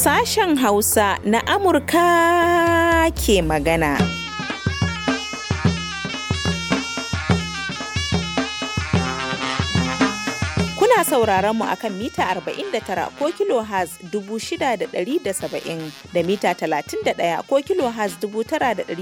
Sashen Hausa na Amurka ke magana. sauraron mu akan mita 49 ko kilohertz 6,670 da mita 31 ko kilohertz 9,775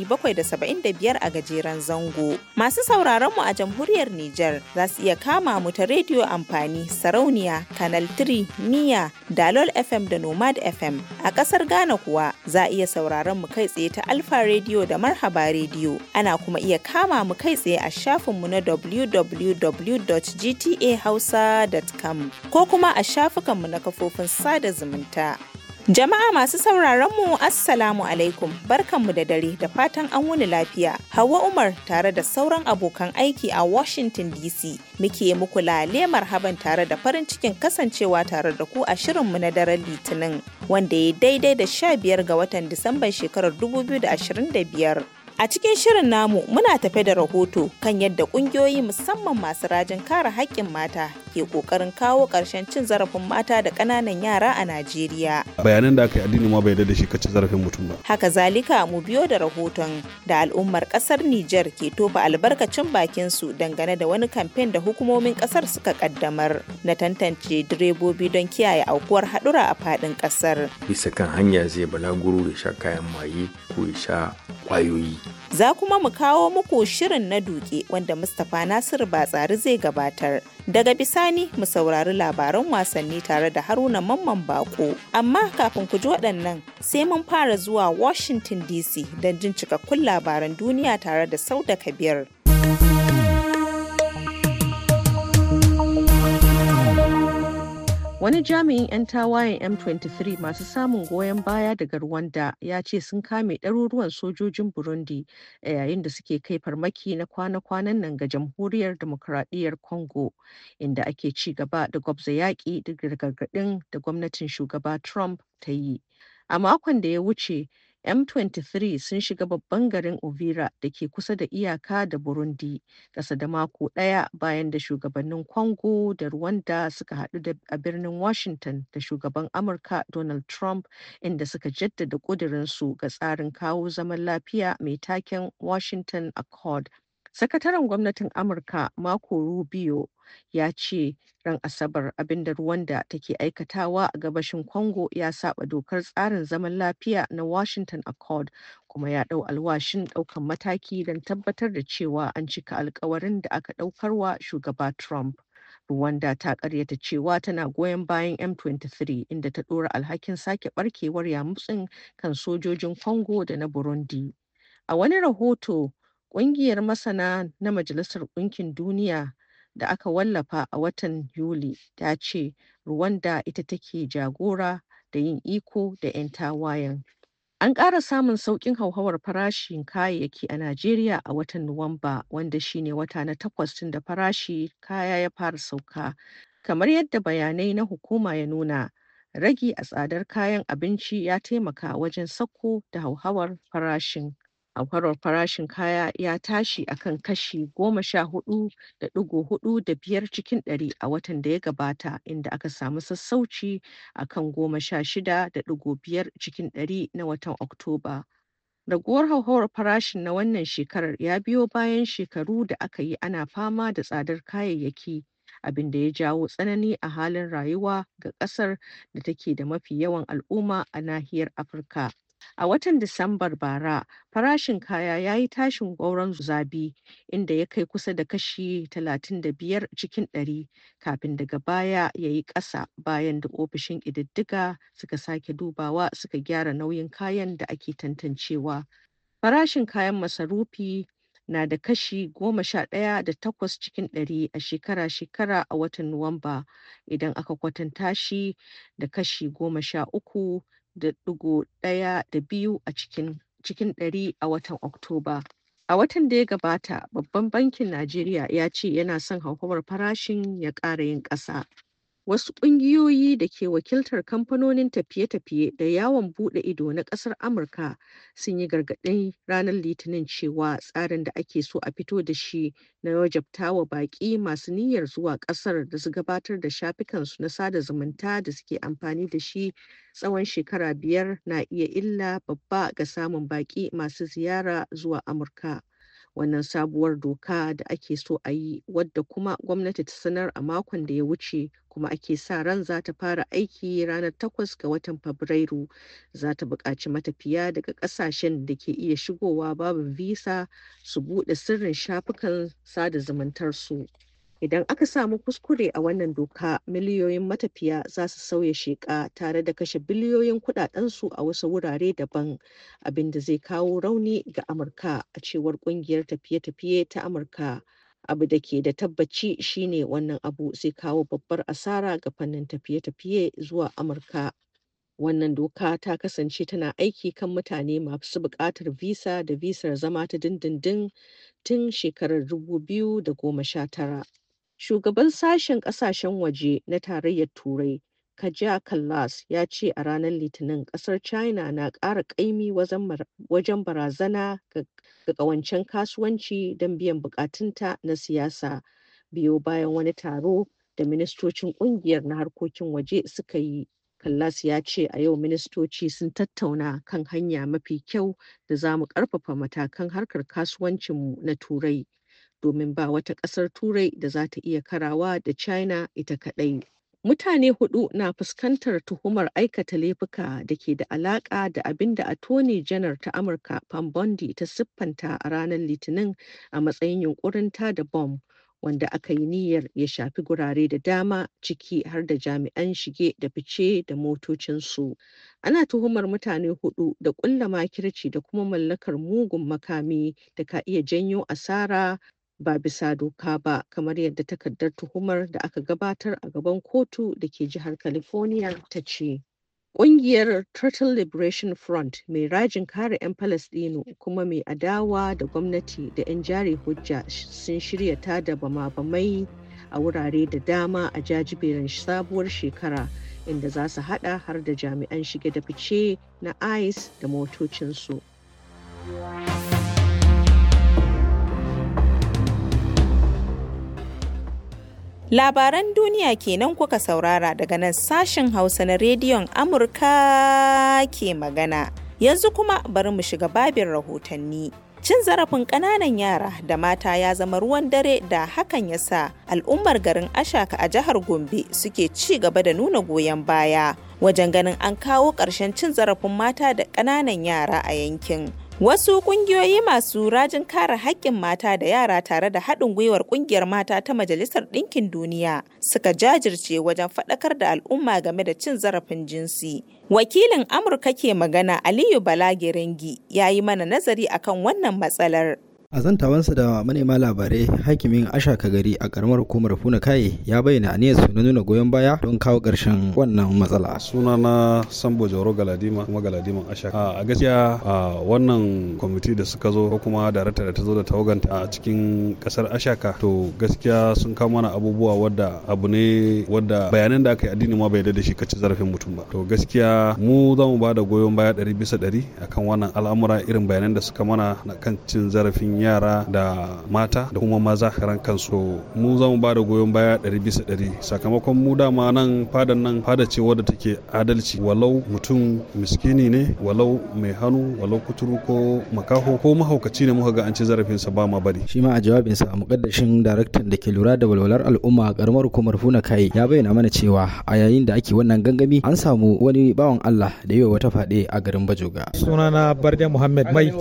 a gajeren zango. Masu sauraron mu a jamhuriyar Nijar za su iya kama mu ta rediyo amfani sarauniya Canal 3 Niya Dalol FM da Nomad FM. A kasar Ghana kuwa za a iya sauraron mu kai tsaye ta Alfa Radio da Marhaba Radio. Ana kuma iya kama mu kai tsaye a shafinmu na www.gtahausa.com kam ko kuma a shafukanmu na kafofin sada zumunta. Jama'a masu sauraron mu Assalamu alaikum barkanmu da dare da fatan an wuni lafiya. Hawa Umar tare da sauran abokan aiki a Washington DC muke muku lemar haban tare da farin cikin kasancewa tare da ku a shirinmu na daren Litinin wanda ya daidai da 15 ga watan Disamban shekarar 2025. A cikin shirin namu muna tafe da rahoto kan yadda ƙungiyoyi musamman masu rajin kare haƙƙin mata ke ƙoƙarin kawo ƙarshen cin zarafin mata da ƙananan yara a Najeriya. Bayanan da aka yi addini ma bai da shi ka zarafin mutum ba. Haka zalika mu biyo da rahoton da al'ummar ƙasar Nijar ke tofa albarkacin bakin su dangane da wani kamfen da hukumomin ƙasar suka ƙaddamar na tantance direbobi don kiyaye aukuwar haɗura a faɗin ƙasar. Bisa kan hanya zai balaguro ya sha kayan maye ko ya sha ƙwayoyi. Za kuma mu kawo muku shirin na duke wanda Mustapha Nasir tsari zai gabatar. Daga bisani mu saurari labaran wasanni tare da Haruna Mamman Bako. Amma kafin ku ji waɗannan sai mun fara zuwa Washington DC don jin cikakkun labaran duniya tare da Sauda Kabir. Wani jami'in 'yan tawayen M23 masu samun goyon baya daga Rwanda ya ce sun kame ɗaruruwan sojojin Burundi a yayin da suke kai farmaki na kwana-kwanan nan ga Jamhuriyar Demokuraɗiyyar Congo, inda ake ci gaba da gwabza yaƙi daga gargaɗin da gwamnatin shugaba Trump ta yi. A makon da ya wuce, M23 sun shiga babban garin Uvira da ke kusa da iyaka da Burundi kasa da mako ɗaya bayan da shugabannin Congo da Rwanda suka haɗu a birnin Washington da shugaban Amurka Donald Trump inda suka jaddada ƙudurinsu ga tsarin kawo zaman lafiya mai taken Washington Accord. Sakataren gwamnatin Amurka Marco Rubio ya ce ran asabar abinda Rwanda take aikatawa a gabashin Congo ya saba dokar tsarin zaman lafiya na Washington Accord kuma ya ɗau alwashin ɗaukan mataki don tabbatar da cewa an cika alkawarin da aka ɗaukarwa shugaba Trump. Rwanda ta karyata cewa tana goyon bayan M23 inda ta ɗora alhakin sake barkewar yamutsin kan sojojin Congo da na Burundi. A wani rahoto, ƙungiyar masana na Majalisar Ɗinkin Duniya da aka wallafa a watan Yuli ta ce Rwanda ita take jagora da yin iko da 'yan tawayen. An ƙara samun sauƙin hauhawar farashin kayayyaki a Najeriya a watan Nuwamba, wanda shi ne wata na takwas tun da farashi kaya ya fara sauka. Kamar yadda bayanai na hukuma ya nuna, ragi a tsadar kayan abinci ya taimaka wajen sauko da hauhawar farashin. hauhawar farashin kaya ya tashi akan kashi goma sha hudu da digo hudu da biyar cikin ɗari a watan da ya gabata inda aka samu sassauci akan goma sha shida da digo biyar cikin ɗari na watan oktoba raguwar hauhawar farashin na wannan shekarar ya biyo bayan shekaru da aka yi ana fama da tsadar kayayyaki abin da ya jawo tsanani a halin rayuwa ga ƙasar da take da mafi yawan al'umma a nahiyar afirka A watan Disambar bara, farashin kaya ya yi tashin gwauron zabi inda ya kai kusa da kashi 35 cikin 100 kafin daga baya ya yi ƙasa bayan da ofishin ƙididdiga suka sake dubawa suka gyara nauyin kayan da ake tantancewa. Farashin kayan masarufi na da kashi goma sha ɗaya da takwas cikin ɗari a shekara-shekara a watan Nuwamba idan aka kwatanta shi da kashi goma sha uku da ɗigo ɗaya da biyu a cikin cikin ɗari a watan Oktoba. A watan da ya gabata, Babban Bankin Najeriya ya ce yana son hauhawar farashin ya ƙara yin ƙasa. Wasu ƙungiyoyi da ke wakiltar kamfanonin tafiye-tafiye da yawon buɗe ido na ƙasar Amurka sun yi gargaɗin ranar Litinin cewa tsarin da ake so a fito da shi na wa baƙi masu niyyar zuwa ƙasar da su gabatar da shafukansu na sada zumunta da suke amfani da shi tsawon shekara biyar na iya illa babba ga samun baƙi masu ziyara zuwa Amurka. wannan sabuwar doka da ake so a yi wadda kuma gwamnati ta sanar a makon da ya wuce kuma ake sa ran za ta fara aiki ranar 8 ga watan fabrairu za ta buƙaci matafiya daga ƙasashen da ke iya shigowa babu visa su buɗe sirrin shafukan sada zumuntarsu. su Idan aka samu kuskure a wannan doka, miliyoyin matafiya za su sauya sheƙa tare da kashe biliyoyin kuɗaɗensu a wasu wurare daban, abin da zai kawo rauni ga Amurka, a cewar Ƙungiyar Tafiye-tafiye ta Amurka. Abu da ke da tabbaci shine wannan abu zai kawo babbar asara ga fannin tafiye-tafiye zuwa Amurka. Wannan doka ta kasance tana aiki kan mutane masu buƙatar visa da visar zama ta dindindin tun shekarar 2019. Shugaban Sashen Ƙasashen Waje na Tarayyar Turai Kaja Kallas ya ce a ranar Litinin ƙasar China na ƙara ƙaimi wajen barazana ga ƙawancen kasuwanci don biyan buƙatunta na siyasa, biyo bayan wani taro da ministocin ƙungiyar na harkokin waje suka yi. Kallas ya ce a yau ministoci sun tattauna kan hanya mafi kyau da za mu ƙarfafa matakan harkar kasuwancinmu na Turai. domin ba wata ƙasar turai da za ta iya karawa da china ita kaɗai mutane hudu na fuskantar tuhumar aikata laifuka da ke da alaƙa da abin da attorney janar ta amurka pam bondi ta siffanta a ranar litinin a matsayin yunkurin da bom wanda aka yi niyyar ya shafi gurare da dama ciki har da jami'an shige da fice da motocinsu ana tuhumar mutane hudu da kulla makirci da kuma mallakar mugun makami da ka iya janyo asara ba bisa doka ba kamar yadda takardar tuhumar da aka gabatar a gaban kotu da ke jihar california ta ce Ƙungiyar Turtle Liberation Front mai rajin kare 'yan Falasɗinu kuma mai adawa da gwamnati da 'yan jari hujja sun shirya ta da bama-bamai a wurare da dama a jajiberin sabuwar shekara inda za su hada har da jami'an shige da fice na ICE da motocinsu. Labaran duniya kenan kuka saurara daga nan sashen Hausa na rediyon Amurka ke magana. Yanzu kuma bari mu shiga babin rahotanni. Cin zarafin ƙananan yara da mata ya zama ruwan dare da hakan ya sa al'ummar garin Ashaka a jihar Gombe suke ci gaba da nuna goyon baya wajen ganin an kawo ƙarshen cin zarafin mata da ƙananan yara a yankin. Wasu ƙungiyoyi masu rajin kare haƙƙin mata da yara tare da haɗin gwiwar ƙungiyar mata ta Majalisar Ɗinkin Duniya suka jajirce wajen faɗakar da al'umma game da cin zarafin jinsi. Wakilin Amurka ke magana Aliyu Bala ya yi mana nazari akan wannan matsalar. a zantawansa da manema labarai hakimin ashaka gari a karamar hukumar funa funakaye ya bayyana aniyarsu na nuna goyon baya don kawo ƙarshen wannan matsala Suna na sambo joro galadima kuma galadiman ashaka a gaskiya a wannan kwamiti da suka zo ko kuma darata da ta zo da tawaganta a cikin kasar ashaka to gaskiya sun kawo mana abubuwa wadda abu ne wadda bayanan da aka yi addini ma bai da shi kaci zarafin mutum ba to gaskiya mu za mu ba da goyon baya ɗari bisa ɗari akan wannan al'amura irin bayanan da suka mana na kan cin zarafin yara da mata da kuma maza karan kansu mu za mu ba da goyon baya ɗari bisa ɗari sakamakon mu dama nan fadan nan fada ce wadda take adalci walau mutum miskini ne walau mai hannu walau kuturu ko makaho ko mahaukaci ne muka ga an ci zarafinsa ba ma bari shi ma a jawabinsa a mukaddashin daraktan da ke lura da walwalar al'umma karamar hukumar funa kai ya bayyana mana cewa a yayin da ake wannan gangami an samu wani bawan Allah da yi wa wata fade a garin Bajoga sunana Barde Muhammad Mai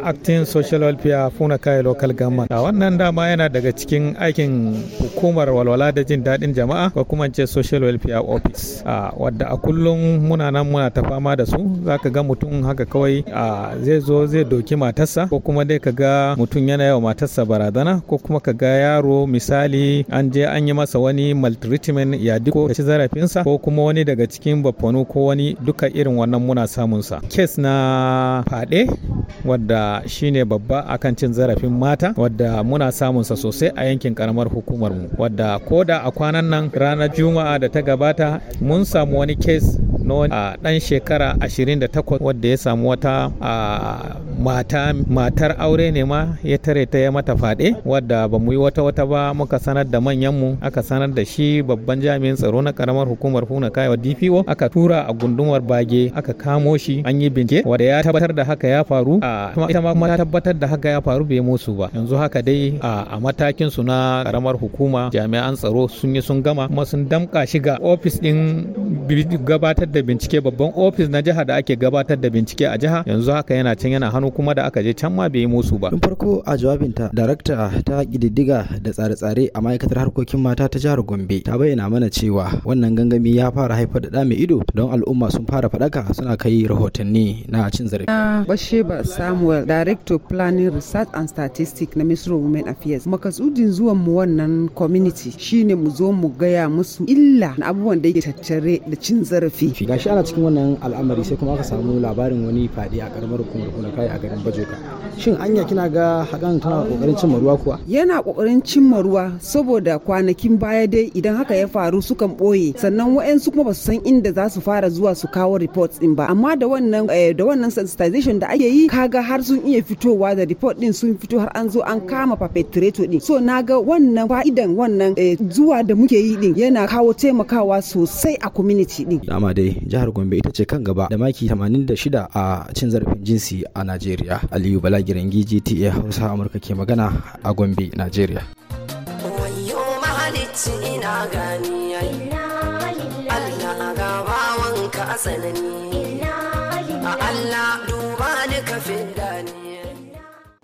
acting social welfare funa kai local gamma a wannan dama yana daga cikin aikin hukumar walwala da jin daɗin jama'a ko kuma ce social welfare office a wadda a kullum muna nan muna ta fama da su zaka ga mutum haka kawai a zai zo zai doki matarsa ko kuma dai ka ga mutum yana yawa matarsa barazana ko kuma ka ga yaro misali an je an yi masa wani maltreatment ya diko da ci zarafinsa ko kuma wani daga cikin bafonu ko wani duka irin wannan muna samunsa kes na faɗe wadda shine babban babba akan cin zarafin mata wadda muna samun sa sosai a yankin karamar hukumar mu wadda da a kwanan nan ranar juma'a da ta gabata mun samu wani kes na wani dan shekara 28 wadda ya samu wata mata matar aure ne ma ya tare ta ya mata fade wadda ba mu yi wata wata ba muka sanar da manyan mu aka sanar da shi babban jami'in tsaro na karamar hukumar huna kaiwa DPO aka tura a gundumar bage aka kamo shi an yi bincike Wadda ya tabbatar da haka ya faru a ita ma ta tabbatar da haka ya faru bai musu ba yanzu haka dai a matakin su na karamar hukuma jami'an tsaro sun yi sun gama kuma sun damka shi ga ofis din gabatar da bincike babban ofis na jiha da ake gabatar da bincike a jiha yanzu haka yana can yana hannu kuma da aka je can ma bai musu ba tun farko a jawabinta darakta ta kididdiga da tsare-tsare a ma'aikatar harkokin mata ta jihar gombe ta bayyana mana cewa wannan gangami ya fara haifar da mai ido don al'umma sun fara faɗaka suna kai rahotanni na cin zarafi. Bashe ba Samuel, Director Plan tsakanin research and statistics na Ministry of Women Affairs. Makasudin zuwan mu wannan community shine mu zo mu gaya musu illa na abubuwan da yake tattare da cin zarafi. Gashi ana cikin wannan al'amari sai kuma aka samu labarin wani fadi a karamar hukumar kuna kai a garin Bajoka. Shin anya kina ga hakan tana kokarin cin maruwa kuwa? Yana kokarin cin maruwa saboda kwanakin baya dai idan haka ya faru sukan boye sannan wa'ensu kuma ba su san inda za su fara zuwa su kawo reports din ba amma da wannan eh, da wannan sensitization da ake yi kaga har sun iya fitowa da report din sun fito har an zo an kama perpetrator din so na ga wannan fa'idan wannan eh, zuwa da muke yi din yana kawo taimakawa sosai a community din dama dai jihar Gombe ita ce kan gaba da maki 86 a cin zarafin jinsi a nigeria Aliyu Balagirangi GTA Hausa Amurka ke magana a Gombe nigeria Allah duba ni ka fi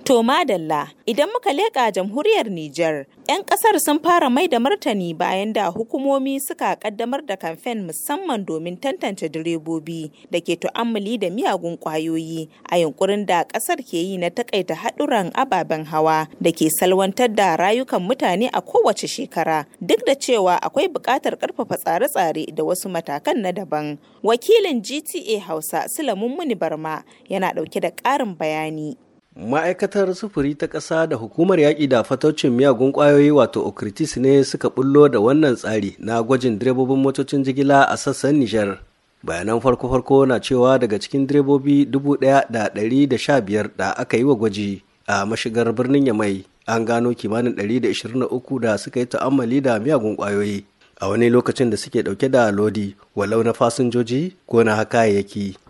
To madalla idan muka leƙa jamhuriyar Nijar, 'yan ƙasar sun fara mai da martani bayan da hukumomi suka ƙaddamar da kamfen musamman domin tantance direbobi da ke tu'ammali da miyagun ƙwayoyi a yunkurin da ƙasar ke yi na takaita haɗuran ababen hawa da ke salwantar da rayukan mutane a kowace shekara duk da cewa akwai buƙatar ƙarfafa tsare-tsare da wasu matakan na daban. Wakilin GTA Hausa Sulamun Muni Barma yana ɗauke da ƙarin bayani. ma'aikatar sufuri ta ƙasa da hukumar yaƙi da fataucin miyagun ƙwayoyi wato okritis ne suka bullo da wannan tsari na gwajin direbobin motocin jigila a sassan nijar bayanan farko-farko na cewa daga cikin direbobi 1,115 da aka yi wa gwaji a mashigar birnin yamai an gano kimanin 123 da suka yi ta'ammali da miyagun ƙwayoyi a wani lokacin da suke dauke da lodi walau na fasinjoji ko na ga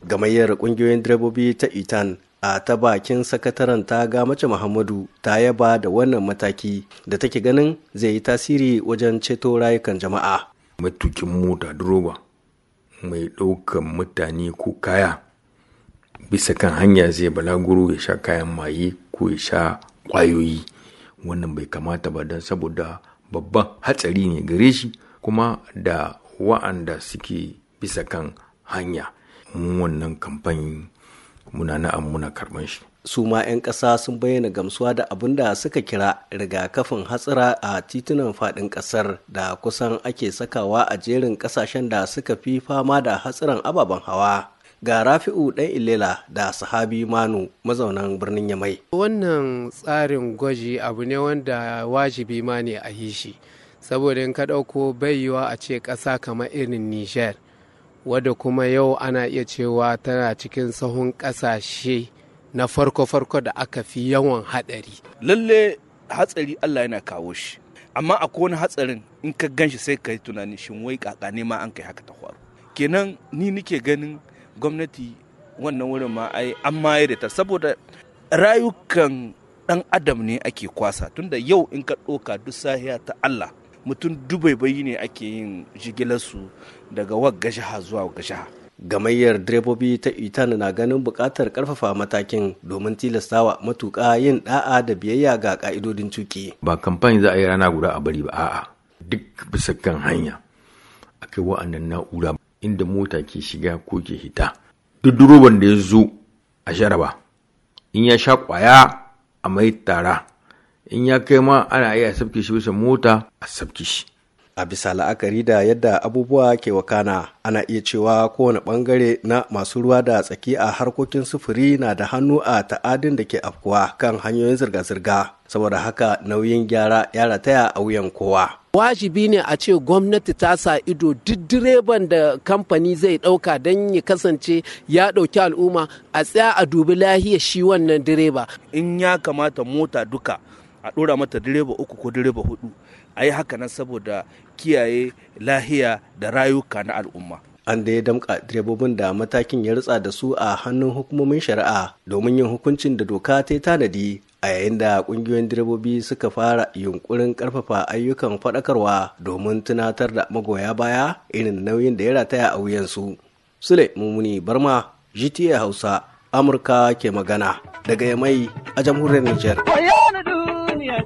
gamayyar ƙungiyoyin direbobi ta itan a ta bakin sakataren ta ga mace muhammadu ta yaba da wannan mataki da take ganin zai yi tasiri wajen ceto rayukan jama'a matukin mota duroba mai ɗaukan mutane ko kaya bisa kan hanya zai balaguro ya sha kayan maye ko ya sha kwayoyi wannan bai kamata ba don saboda babban hatsari ne gare shi kuma da wa'anda suke bisa kan hanya mun wannan kamfani muna na'am muna karɓan shi su ma 'yan ƙasa sun bayyana gamsuwa da abin da suka kira rigakafin hatsira a titunan faɗin ƙasar da kusan ake sakawa a jerin ƙasashen da suka fi fama da hatsiran ababen hawa ga rafi'u ɗan ilela da sahabi manu mazaunan birnin yamai wannan tsarin gwaji abu ne wanda wajibi ma ne a yi shi saboda in ka ɗauko bai a ce ƙasa kamar irin niger wadda kuma yau ana iya cewa tana cikin sahun ƙasashe na farko-farko da aka fi yawan haɗari. Lalle hatsari Allah yana kawo shi, amma akwai wani hatsarin in ka gan shi sai ka yi tunanin shin wai kaka ne ma an kai haka ta faru. Kenan ni nike ganin gwamnati wannan wurin ma ai an maye da ta saboda rayukan ɗan adam ne ake kwasa tunda yau in ka ɗoka duk sahiya ta Allah mutum dubaibayi ne ake yin jigilarsu daga wagga jiha zuwa wagga jiha gamayyar direbobi ta itan na ganin bukatar ƙarfafa matakin domin tilastawa matuƙa yin ɗa'a da biyayya ga ƙa'idodin tuki ba kamfani za a yi rana guda a bari ba a'a duk bisa kan hanya akai wa'annan na'ura inda mota ke shiga ko ke hita duk duroban da ya zo a sharaba in ya sha kwaya a mai tara in ya kai ma ana iya sabke shi bisa mota a sabke shi a bisa la'akari da yadda abubuwa ke wakana ana iya cewa kowane bangare na masu ruwa da tsaki a harkokin sufuri na da hannu a ta'adin da ke afkuwa kan hanyoyin zirga-zirga saboda haka nauyin gyara ya rataya a wuyan kowa wajibi ne a ce gwamnati ta sa ido duk direban da kamfani zai ɗauka don ya kasance ya ɗauki al'umma a tsaya a dubi lahiyar shi wannan direba in ya kamata mota duka a ɗora mata direba uku ko direba hudu a yi haka nan saboda kiyaye lahiya da rayuka na al'umma an da ya damƙa direbobin da matakin ya ritsa da su a hannun hukumomin shari'a domin yin hukuncin da doka ta yi tanadi a yayin da ƙungiyoyin direbobi suka fara yunkurin ƙarfafa ayyukan faɗakarwa domin tunatar da magoya baya irin nauyin da ya rataya a wuyansu sule mummuni barma gta hausa amurka ke magana daga yamai a jamhuriyar nijar. I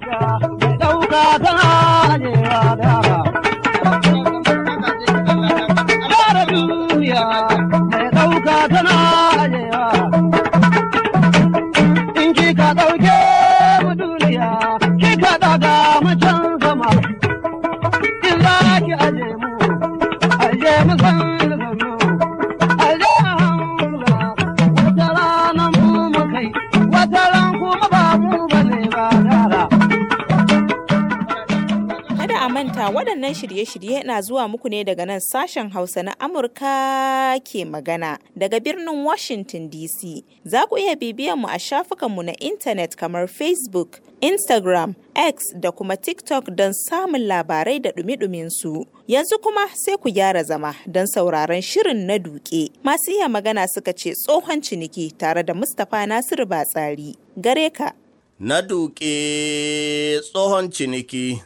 don't ta ajewa waɗannan shirye-shirye na zuwa muku ne daga nan sashen Hausa na Amurka ke magana daga birnin Washington DC. Za ku iya bibiyan mu a shafukanmu na intanet kamar Facebook, Instagram, X da kuma TikTok don samun labarai da ɗumi su. Yanzu kuma sai ku gyara zama don sauraron shirin na duke. Masu iya magana suka ce tsohon ciniki tare da Mustapha Nasiru Batsari. Gare ka. Na duke tsohon ciniki.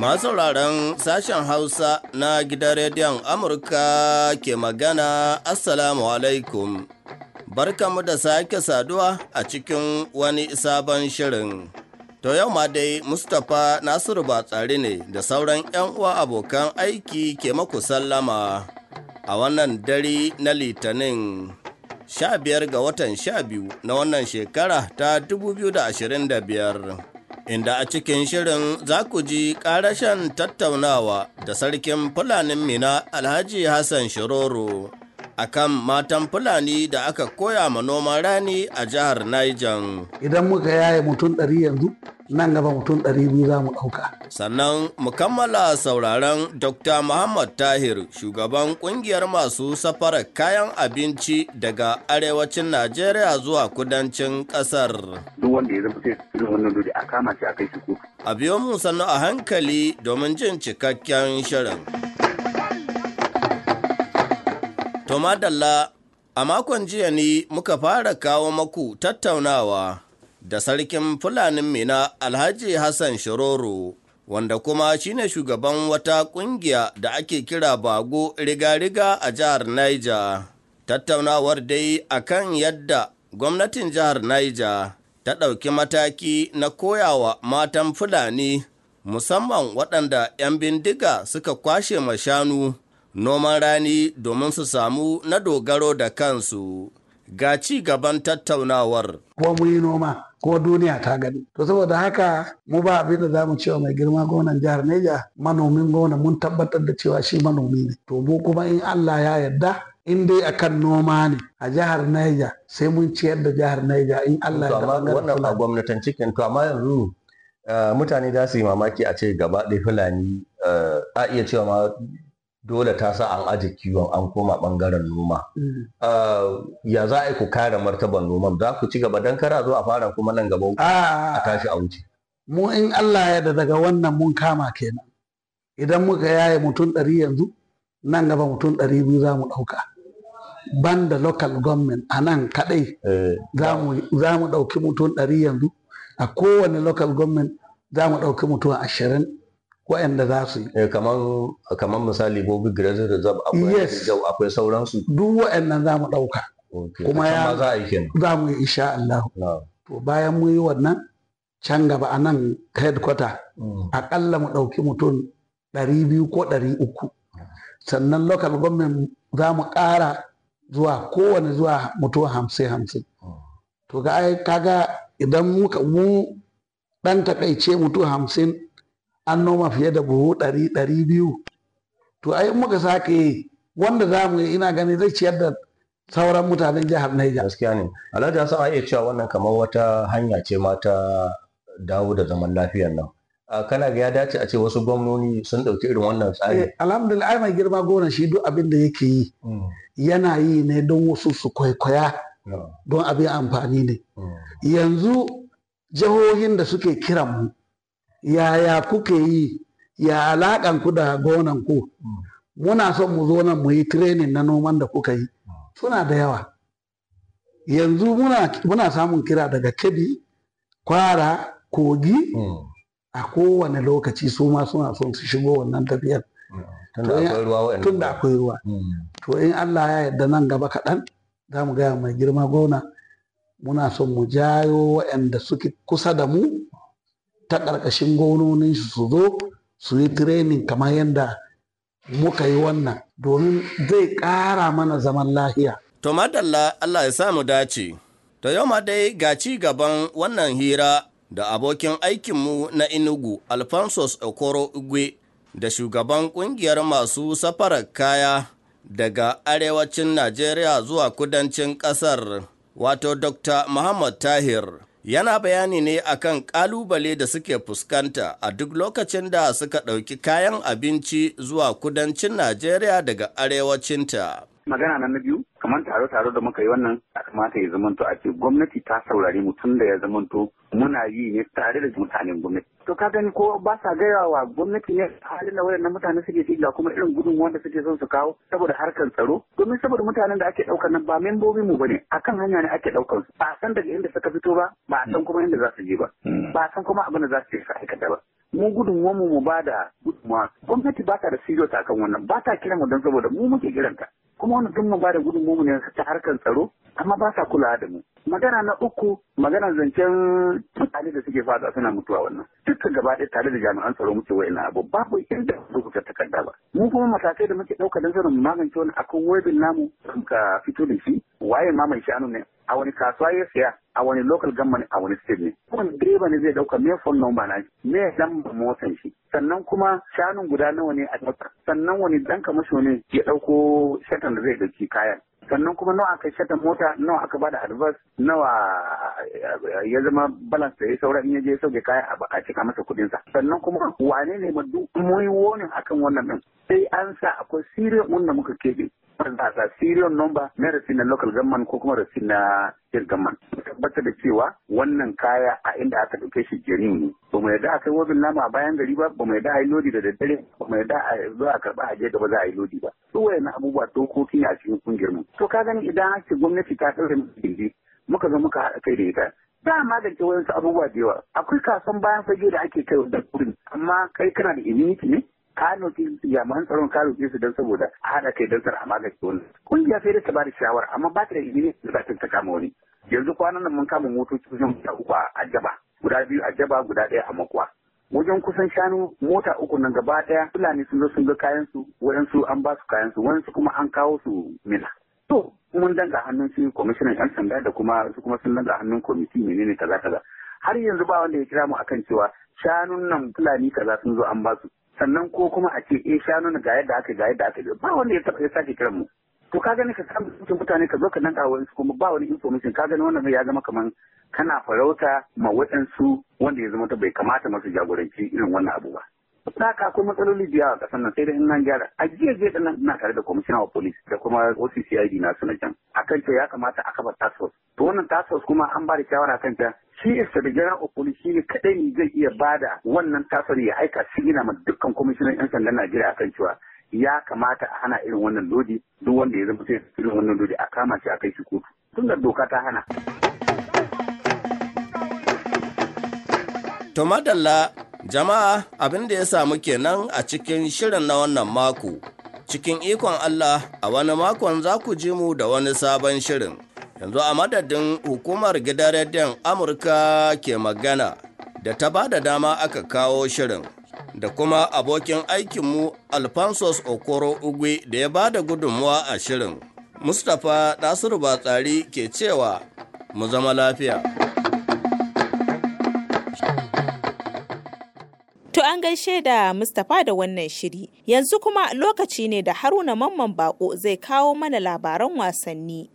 Masu sauraron sashen Hausa na gidan rediyon Amurka ke magana Assalamu alaikum. Barkamu da sake saduwa a cikin wani sabon shirin. To yau ma dai Mustapha Nasiru Batsari ne da sauran 'yan uwa abokan aiki ke maku sallama a wannan dare na Litinin. 15 ga watan 12 na wannan shekara ta 2025. inda a cikin shirin za ku ji ƙarashen tattaunawa da sarkin Fulanin Mina Alhaji Hassan Shiroro a kan matan Fulani da aka koya ma noman rani a jihar Niger. Idan muka yaye mutum ɗari yanzu, nan gaba mutum ɗari biyu za mu ɗauka. Sannan mu kammala sauraron Dr. Muhammad Tahir, shugaban ƙungiyar masu safarar kayan abinci daga arewacin Najeriya zuwa kudancin ƙasar. Duk wanda ya zama sai irin wannan a kama shi a kai shi A biyo mu sannu a hankali domin jin cikakken shirin. Tomadalla, a makon jiya ne muka fara kawo maku tattaunawa. da sarkin fulanin mina alhaji hassan shiroro wanda kuma shine shugaban wata kungiya da ake kira bago riga-riga a jihar niger tattaunawar dai a kan yadda gwamnatin jihar niger ta ɗauki mataki na koyawa matan fulani musamman waɗanda 'yan bindiga suka kwashe mashanu noman rani domin su samu na dogaro da kansu ga ci gaban tattaunawar. noma, ko duniya ta gani to saboda haka mu ba abin da za mu cewa mai girma gwamnan jihar neja manomin gwamna mun tabbatar da cewa shi manomi ne to mu kuma in allah ya yarda in dai akan noma ne a jihar neja sai mun ciyar da jihar neja in Allah ya yarda wannan a gwamnatin cikin to amma yanzu eh, mutane za su yi mamaki a ce gaba ɗaya Fulani eh, a iya cewa ma dole ta sa an aje kiwon an koma bangaren noma mm. ah, ya za a ku kare martaban noman za ku ci gaba don kara zo a fara kuma nan gaba ah, a tashi a wuce mu in Allah ya da daga wannan mun kama kenan idan muka yaye mutum ɗari yanzu nan gaba mutum ɗari biyu za mu ɗauka ban da local government a nan kaɗai eh. za mu ɗauki mutum ɗari yanzu a kowane local government za mu ɗauki mutum ashirin waɗanda za su yi. Eh, Kamar misali Bobby Grazer Reserve akwai yes. Jau akwai sauransu. Duk waɗannan za mu ɗauka. Kuma ya za mu yi isha Allah. Ah. To bayan mu yi wannan can gaba a nan headquarter mm. aƙalla mu ɗauki mutum ɗari biyu ko ɗari uku. Sannan local government za mu ƙara zuwa kowane zuwa mutum hamsin hamsin. Mm. To ga ai kaga idan mu ɗan takaice mutum hamsin an noma fiye da buhu ɗari ɗari biyu to ai muka sake wanda za mu yi ina ganin zai ciyar da sauran mutanen jihar Niger. Gaskiya ne. Alhaji Hassan a iya cewa wannan kamar wata hanya ce ma ta dawo da zaman lafiyar nan. Kana ga ya dace a ce wasu gwamnoni sun ɗauki irin wannan tsari. Eh, alhamdulillah mai girma gona shi duk abin da yake yi mm. yana yi ne don wasu su kwaikwaya mm. don abin amfani ne. Mm. Yanzu jihohin da suke kiran mu yaya kuke yi ya alakan da gonan ku muna son mu zo nan mu yi training na noman da kuka yi suna da yawa yanzu muna, samun kira daga kebi kwara kogi a kowane lokaci su ma suna son su shigo wannan tafiyar tun da akwai ruwa hmm. to in allah ya yarda nan gaba kaɗan za mu gaya mai girma gona muna son mu jayo waɗanda suke kusa da mu ta ƙarƙashin gwamnonin su zo su yi training kamar yadda muka yi wannan domin zai ƙara mana zaman lahiya. To madalla Allah ya samu dace. To yau ma dai ga ci gaban wannan hira da abokin aikinmu na Inugu Alphonsus Okoro Igwe da shugaban ƙungiyar masu safarar kaya daga arewacin Najeriya zuwa kudancin ƙasar, wato Dr. Muhammad Tahir. yana bayani ne akan kalubale da suke fuskanta a duk lokacin da suka ɗauki kayan abinci zuwa kudancin najeriya daga arewacinta magana nan na biyu kamar taro-taro da muka yi wannan ya kamata ya zamanto a ce gwamnati ta saurari mu tun da ya zamanto muna yi ne tare da mutanen gwamnati to ka gani ko ba sa gaya wa gwamnati ne halin da wayannan mutane suke ji ga kuma irin gudun wanda suke son su kawo saboda harkar tsaro domin saboda mutanen da ake daukar nan ba membobin mu bane akan hanya ne ake daukar su ba san daga inda suka fito ba ba san kuma inda za su je ba hmm. ba san kuma abin da za su je su aikata ba mu gudunmuwa mu ba da gudunmuwa gwamnati ba ta da siriyo ta kan wannan ba ta kiran mu don saboda mu muke kiranta kuma wani duk mu ba da gudun mummuni ta harkar tsaro amma ba sa kulawa da mu magana na uku magana zancen mutane da suke fada suna mutuwa wannan duka gaba ɗaya tare da jami'an tsaro muke ina abu babu inda ka takarda ba mu kuma matakai da muke ɗauka don sanin magance wani akan webin namu ka fito da shi waye ma mai shanu ne a wani kasuwa ya siya a wani local government a wani state ne kuma direba ne zai dauka me phone number na shi me lambar motan shi sannan kuma shanun guda nawa ne a ɗauka? sannan wani dan kamasho ne ya dauko shatan da zai dauki kayan sannan kuma nawa aka shatan mota nawa aka bada advance nawa eh, ya zama balance da ya saura in ya je sauke kaya a cika masa kudin sa sannan kuma wane ne ma duk mun akan wannan din sai an sa akwai sirrin wanda muka kebe ba a serial number na rasi na local government ko kuma rafi na state government tabbata da cewa wannan kaya a inda aka dauke shi jeri ne ba mu yarda akai wajen nama a bayan gari ba ba mu yarda a yi lodi da daddare ba mu yarda a zo a karba a je gaba za a yi lodi ba su wayannan abubuwa dokoki ne a cikin kungiyar mu to ka gani idan ake gwamnati ta tsare mu gindi muka zo muka haɗa kai da ita da magance wayansu abubuwa da yawa akwai kasan bayan fage da ake kai wa kurin amma kai kana da immunity ne ka roƙi jami'an tsaron ka roƙe su don saboda a haɗa kai don a magance wannan kungiya sai da ta ba da shawara amma ba ta da izini da za ta kama wani yanzu kwanan nan mun kama motoci wajen guda uku a jaba guda biyu a jaba guda ɗaya a makwa wajen kusan shanu mota uku nan gaba ɗaya fulani sun zo sun ga kayan su waɗansu an ba su kayan su waɗansu kuma an kawo su mila to mun danga hannun shi kwamishinan yan sanda da kuma su kuma sun danga hannun kwamiti menene kaza kaza har yanzu ba wanda ya kira mu akan cewa shanun nan fulani kaza sun zo an ba su sannan ko kuma a ce eh shanu ga yadda aka ga yadda aka ba wanda ya ya sake kiran mu to ka gani ka samu mutum mutane ka zo ka nan kawo wani kuma ba wani information ka gani wannan ya zama kaman kana farauta ma waɗansu wanda ya zama ta bai kamata masu jagoranci irin wannan abu ba ta ka akwai matsaloli da yawa a nan sai da in nan gyara a jiya jiya nan na tare da kwamishina wa da kuma OCCID na su na can akan ce ya kamata a kafa task force to wannan task force kuma an ba da shawara kan ta shi isa da jiran okuli shi ne kadai ne zai iya bada wannan tasiri ya aika ina ma dukkan kwamishinan yan sandan najeriya kan cewa ya kamata a hana irin wannan lodi duk wanda ya zama irin wannan lodi a kama shi a kai shi kotu tun da doka ta hana. Tomadalla Jama'a abin da ya samu kenan a cikin shirin na wannan mako. Cikin ikon Allah a wani makon za ku ji mu da wani sabon shirin. Yanzu a madadin hukumar gidan rediyon Amurka ke magana da ta ba da dama aka kawo shirin. Da kuma abokin aikinmu Alphonsus Okoro Ugwe da ya ba da gudunmuwa a shirin. Mustapha Nasiru Batsari ke cewa mu zama lafiya. an gaishe da Mustapha da wannan shiri. Yanzu kuma lokaci ne da Haruna Mamman Bako zai kawo mana labaran wasanni.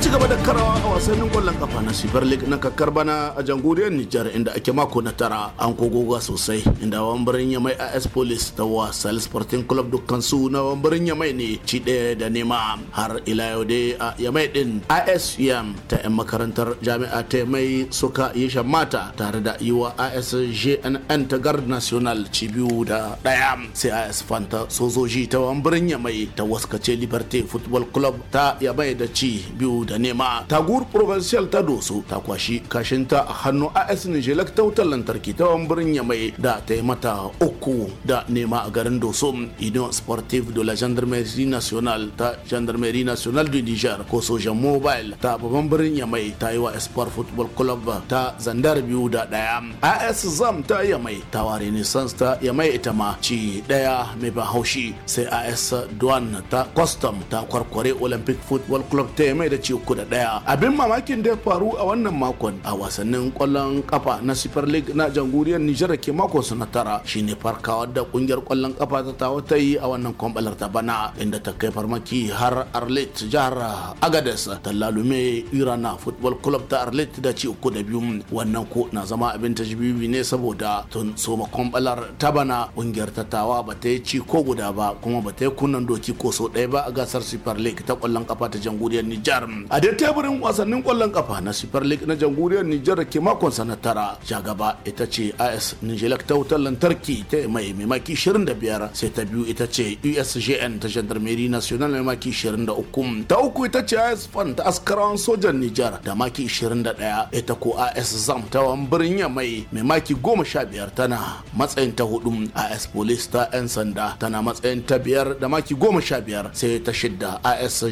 ci gaba da karawa a wasannin kwallon kafa na super league na kakar bana a jamhuriyar nijar inda ake mako na tara an kogoga sosai inda wambarin yamai as police ta wasal sporting club dukkan su na wambarin yamai ne ci ɗaya da nema har ila yau dai a yamai din isum ta yan makarantar jami'a ta mai suka yi shammata tare da yiwa gnn ta gar national ci biyu da ɗaya sai as fanta sojoji ta wambarin yamai ta waskace liberty football club ta yamai da ci biyu da nema tagur provincial ta doso ta kwashi kashinta a hannu as nijelak ta wutar lantarki ta birnin yamai da ta yi mata uku da nema a garin doso union sportive de la gendarmerie nationale ta gendarmerie nationale du niger ko sojan mobile ta babban birnin yamai ta yi wa espoir football club ta zandar biyu da daya as zam ta yamai ta ware nisans ta yamai ita ma ci daya mai ban haushi sai as duan ta custom ta kwarkware olympic football club ta yamai da ci uku da ɗaya abin mamakin da ya faru a wannan makon a wasannin kwallon kafa na super league na jamhuriyar nijar ke makon su na tara shine farkawa da kungiyar kwallon kafa ta tawo ta yi a wannan kwambalar ta bana inda ta kai farmaki har arlet jihar agades ta lalume irana football club ta arlet da ci uku da biyu wannan ko na zama abin ta jibibi ne saboda tun soma kwambalar ta bana kungiyar ta tawa ba ta yi ci ko guda ba kuma ba ta yi kunnan doki ko sau ɗaya ba a gasar super league ta kwallon kafa ta jamhuriyar nijar a dai teburin wasannin kwallon kafa na super league na jamhuriyar nijar da ke makon sana tara shagaba ita ce as nijilak ta wutar lantarki ta mai maimaki 25 sai ta biyu ita ce usgn ta gendarmerie national mai maki 23 ta uku ita ce as fan ta askarawan sojan nijar da maki 21 ita ko as zam ta wambirin ya mai maki 15 tana matsayin ta hudu as police ta 'yan sanda tana matsayin ta biyar da maki 15 sai ta shidda as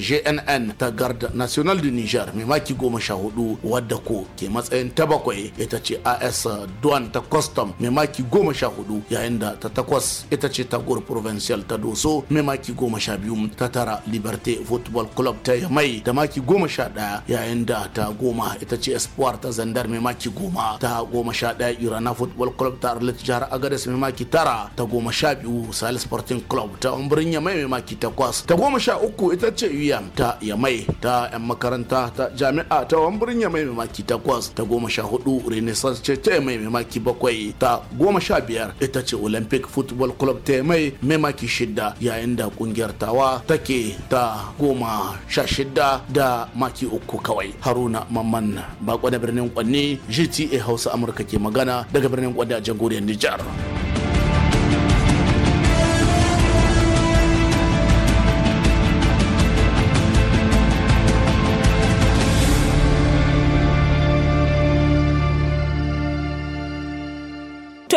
ta garda national arsenal da niger mai maki goma sha hudu wadda ko ke matsayin ta bakwai ita ce as Duan ta custom mai maki goma sha hudu yayin da ta takwas ita ce tagur provincial ta doso mai maki goma sha biyu ta tara liberté football club ta yamai da maki goma sha daya yayin da ta goma ita ce espoir ta zandar mai maki goma ta goma sha daya irana football club ta arlet jihar agadas mai maki tara ta goma sha biyu salis sporting club ta umbirin yamai mai maki takwas ta goma sha uku ita ce uyam ta yamai ta yan makaranta ta jami'a ta wamburin mai mamaki takwas ta goma sha hudu renaissance ce ta mai mamaki bakwai ta goma sha biyar ita ce olympic football club ta mai mamaki shida yayin da kungiyar tawa take ta goma sha shida da maki uku kawai haruna mamman bako da birnin kwanne gta hausa amurka ke magana daga birnin kwanne a jamhuriyar nijar.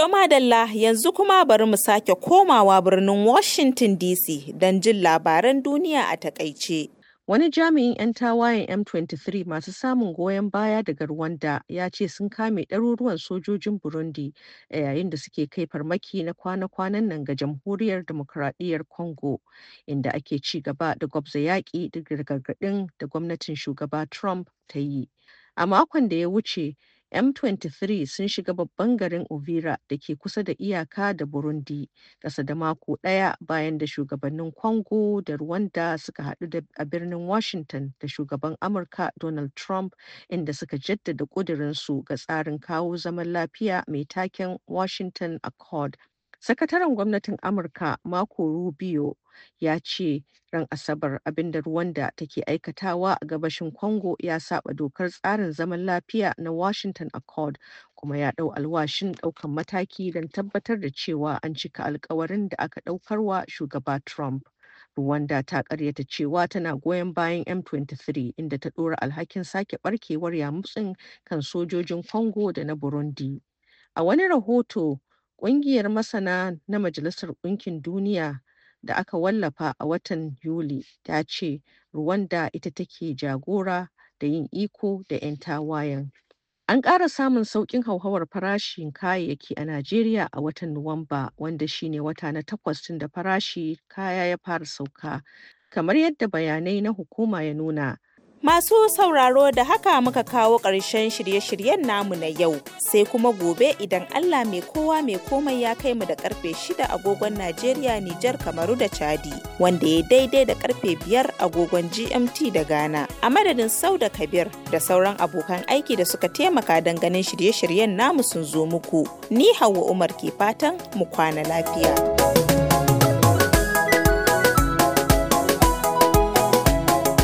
To Madalla yanzu kuma bari mu sake komawa birnin Washington DC don jin labaran duniya a takaice. Wani jami'in 'yan tawayen M23 masu samun goyon baya daga Rwanda ya ce sun kame ɗaruruwan sojojin Burundi a yayin da suke kai farmaki na kwana-kwanan nan ga Jamhuriyar Demokuraɗiyyar Congo, inda ake ci gaba da gwabza yaƙi da gargaɗin da gwamnatin shugaba Trump ta yi. A makon da ya wuce, M23 sun shiga babban garin Uvira da ke kusa da iyaka da Burundi kasa da mako ɗaya bayan da shugabannin Congo da Rwanda suka haɗu a birnin Washington da shugaban Amurka Donald Trump inda suka jaddada ƙudurinsu ga tsarin kawo zaman lafiya mai taken Washington Accord. Sakataren gwamnatin Amurka Marco Rubio ya ce ran asabar abinda ruwanda take aikatawa a gabashin Congo ya saba dokar tsarin zaman lafiya na Washington Accord kuma ya dau alwashin daukan mataki don tabbatar da cewa an cika alkawarin da aka daukarwa shugaba Trump. ruwanda ta karyata cewa tana goyon bayan M23 inda ta ɗora alhakin sake barkewar yamutsin kan sojojin Congo da na Burundi. A wani rahoto, ƙungiyar masana na Majalisar Ɗinkin Duniya da aka wallafa a watan Yuli ta ce Rwanda ita take jagora da yin iko da 'yan tawayen. An ƙara samun sauƙin hauhawar farashin kayayyaki a Najeriya a watan Nuwamba, wanda shi ne wata na takwas tun da farashi kaya ya fara sauka, kamar yadda bayanai na hukuma ya nuna. Masu sauraro da haka muka kawo ƙarshen shirye-shiryen namu na yau, sai kuma gobe idan Allah mai kowa mai komai ya kai mu da karfe shida agogon Najeriya, Nijar, Kamaru da Chadi, wanda ya daidai da karfe biyar agogon GMT da Ghana. A madadin Sau da Kabir da sauran abokan aiki da suka taimaka don ganin shirye-shiryen namu sun zo muku. Ni Hauwa Umar ke fatan mu kwana lafiya.